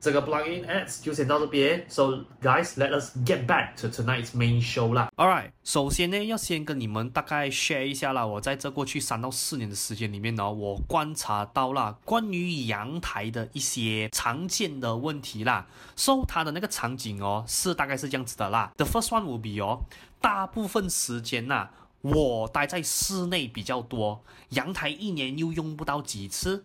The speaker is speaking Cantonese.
這個 blog in ads 就先到這邊，so guys let us get back to tonight's main show 啦。All right，首先呢要先跟你們大概 share 一下啦，我在這過去三到四年的時間裏面、哦、我觀察到啦關於陽台的一些常見的問題啦。So 它的那個場景哦是大概是這樣子的啦。The first one will be 哦，大部分時間呐、啊、我待在室內比較多，陽台一年又用不到幾次。